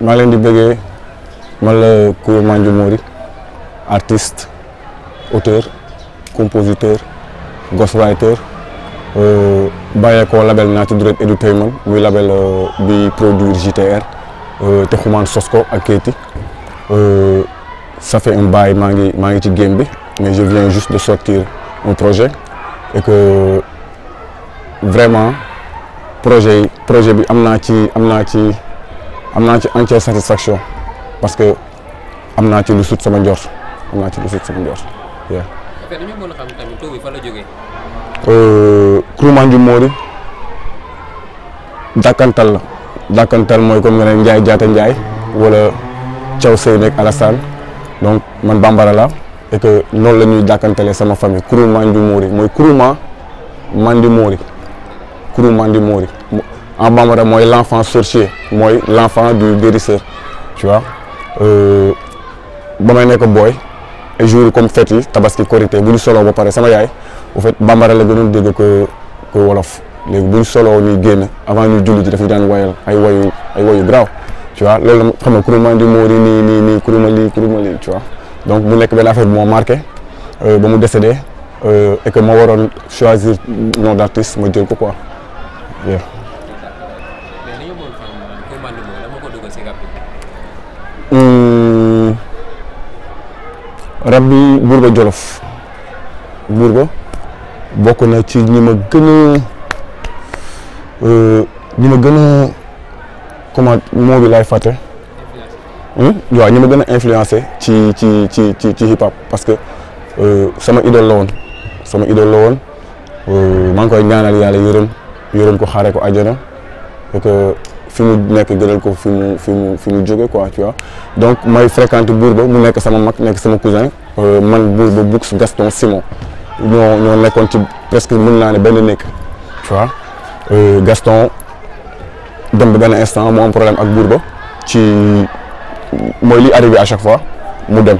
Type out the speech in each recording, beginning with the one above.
maa ngi leen di bëggee man la Coura Mandio Mori artiste auteur compositeur ghostwriter euh, bàyyeekoo label Naty Dread Entertainment muy label euh, bi produit JTR euh, te xumaan sos ko ak Keyti ça fait un bail maa ngi maa ngi ci game bi mais je viens juste de sortir un projet et que vraiment projet yi projet bi am naa ci am naa ci am naa ci entière satisfaction parce que am naa ci lu sut sama njort am naa ci lu sut sama njort waaw. la jógee. Euh, mooy comme nga ne Ndiaye Jaata Ndiaye wala Thiaw Sey nekk Alassane donc man bambara la et que noonu la ñuy dàkkantalee sama famille Kouroumandioum Mori mooy Kourouma Mandi Mori Kouroumandi Mori. en bambara mooy l' enfant sorcier mooy l' enfant du guérisseur tu vois euh, ba may nekk booy ay jours comme fête yi tabaski korité bu ñu soloo ba pare sama yaay au fait bambara la gënoon dégg ko ko wolof léegi bu ñu soloo ñuy génn avant ñu julli ji daf ñu daan wayal ay wayu ay wayu graaw tu vois loolu xam nga kuruma di moori nii nii nii kuruma lii kuruma lii tu vois donc mu nekk benn affaire bu moo marqué euh, ba mu décédé euh, et que ma waroon choisir nom d' ma jël ko quoi Mballo Mbow lan moo ko dugal hmm. bokk na ci ñi ma gën a euh, ma gën a comment moo bi fàtte. Hmm? waaw ñi ma gën a influencé ci ci ci ci ci hip hop parce que euh, sama idole la woon sama idole la woon euh, maa ngi koy ñaanal yàlla yërëm yërëm ko xaaree ko àjjana et fi mu nekk gënal ko fi mu fi mu fi mu jóge quoi tu vois donc may fréquente Bourba mu nekk sama mag nekk sama cousin euh, man Bourba Bux Gaston Simon ñoo ñoo nekkoon ci presque mën naa ne benn nekk tu vois euh, Gaston dem ba benn instant mu am problème ak Bourba ci mooy li arrivé à chaque fois mu dem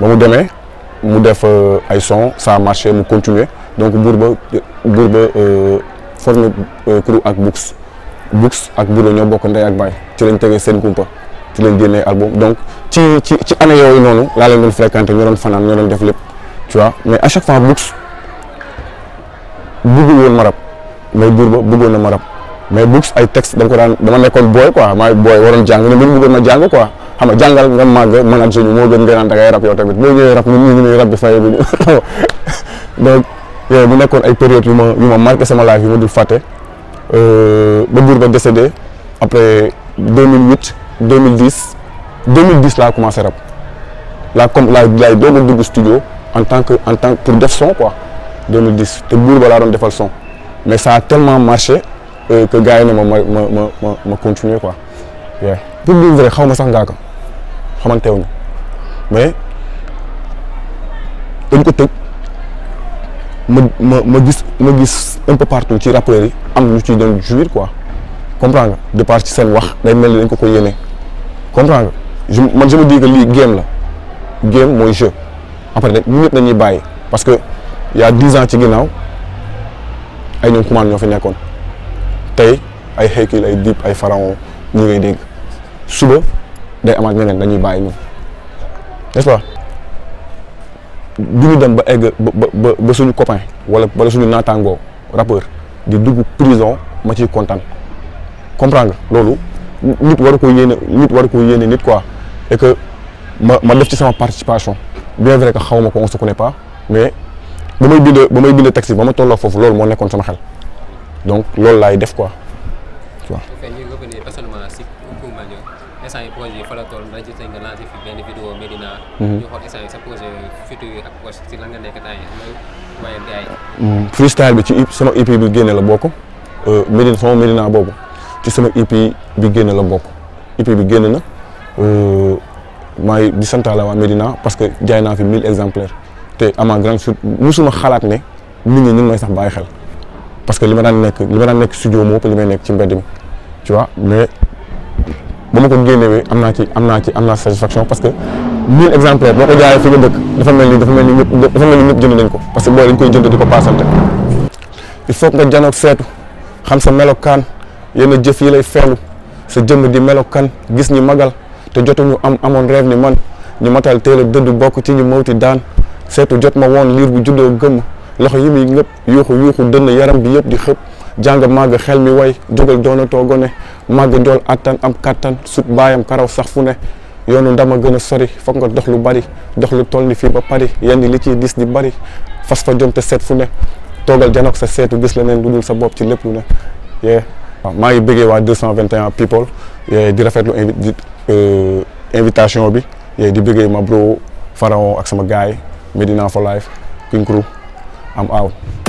ba mu demee mu def euh, ay son ça a marché mu continuer donc Bourba Bourba formé crew ak Bux Bux ak Budo ñoo bokk ndey ak baay ci lañ tegee seen kumpa ci lañ génnee album donc ci ci ci année yooyu noonu laa leen doon fréquenté ñoo doon fanaan ñoo doon def lépp tu vois mais à chaque fois Bux bëggul woon na ma rab mais Bux ay texte ko daan dama nekkoon booy quoi maay booy jàng ne man bëggoon na jàng xam nga jàngal nga màgg man ak suñu moo gën nga naan da ngay rab mu nekkoon ay période yu ma yu ma marqué sama life yu ma dul fàtte Euh, ba buur ba décédé après 2008 2010 2010 laa commencé rap laa comme laa laay doog a dugg studio en tant que en tant pour def son quoi 2010 te buur ba laa doon defal son mais ça a marché euh, que gars yi ne ma ma ma ma ma continuer quoi waaw pour dire vrai xaw ma sax ngaa ko xamante wuñu mais dañ ko tëj. ma ma ma gis ma gis un peu partout ci rappeurs yi am ñu ciy doon jouir quoi comprends nga de ci seen wax day mel ni dañ ko koy yéene comprends nga je man je me dis que lii game la game mooy jeu après nag dañuy bàyyi parce que il y a ci ginnaaw ay ñoom fi nekkoon tey ay Hercule ay Dip ay Pharaon ñi ngay dégg suba day amaat ñeneen dañuy bàyyi ñu n'est-ce du ñu dem ba egg ba ba suñu copain wala wala suñu naataangoo rappeur di dugg prison ma ciy kontaan comprendre nga loolu nit war ko yéene nit war ko yéene nit quoi et que ma ma def ci sama participation bien vrai que xaw ma ko on se connaît pas mais ba may bind ba may bind texte ba ma tolloo foofu loolu moo nekkoon sama xel donc loolu laay def quoi tu vois. essence yi projet yi fa la toll rajo mhm. mhm. bi ci sama EP bi génne la bokk euh, Medina sama Medina boobu ci sama EP bi génne la bokk EP bi génne na euh, maay di santaale waa Medina parce que jaay naa fi 1000 exemplaires te ama grand sur musuma xalaat ne nit ñi ñu ngi may sax bàyyi xel parce que li ma daan nekk li ma daan nekk studio moo ëpp li may nekk ci mbedd mi tu vois mais. ba ma ko génnewee am na ci am naa ci am naa satisfaction parce que mille exemplaires boo ko jaayee fi dafa mel ni dafa mel dafa mel ni ñëpp jënd nañ ko parce que booy dañ koy jënd di ko paasante il faut nga janoog seetu xam sa melokaan yenn jëf yi lay feelu sa jëmm di melokaan gis ñi magal te jotuñu am amoon rêve ni man ñu matal teel a bokk ci ñu mawti daan seetu jot ma woon liir bu juddoo gëmm loxo yi muy ñëpp yuuxu yuuxu dënn yaram bi yëpp di xëpp jàng màgg xel mi way jógal doona toogone màgg njool attan am kattan sut baayam karaw sax fu ne yoonu ndama gën a sori foog nga dox lu bari dox lu toll ni fii ba Paris yenn li ciy dis di bari fas fa jom te seet fu ne toogal janok sa seetu gis leneen lu dul sa bopp ci lépp lu ne yee waaw maa ngi bëggee waa 221 people di rafetlu euh, invitation bi di bëggee ma bro Pharaon ak sama gaay Medina for life King Crew am aaw